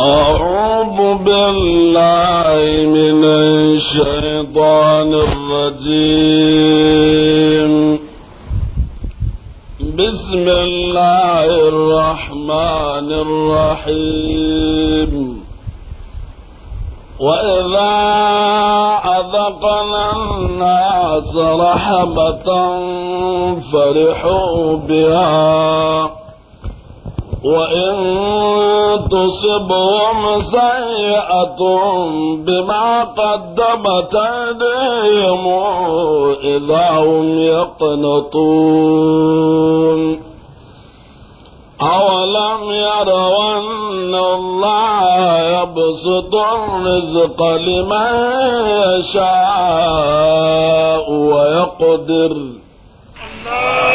أعوذ بالله من الشيطان الرجيم بسم الله الرحمن الرحيم وإذا أذقنا الناس رحمة فرحوا بها وإن تصبهم سيئة بما قدمت أيديهم إذا هم يقنطون أولم يروا أن الله يبسط الرزق لمن يشاء ويقدر الله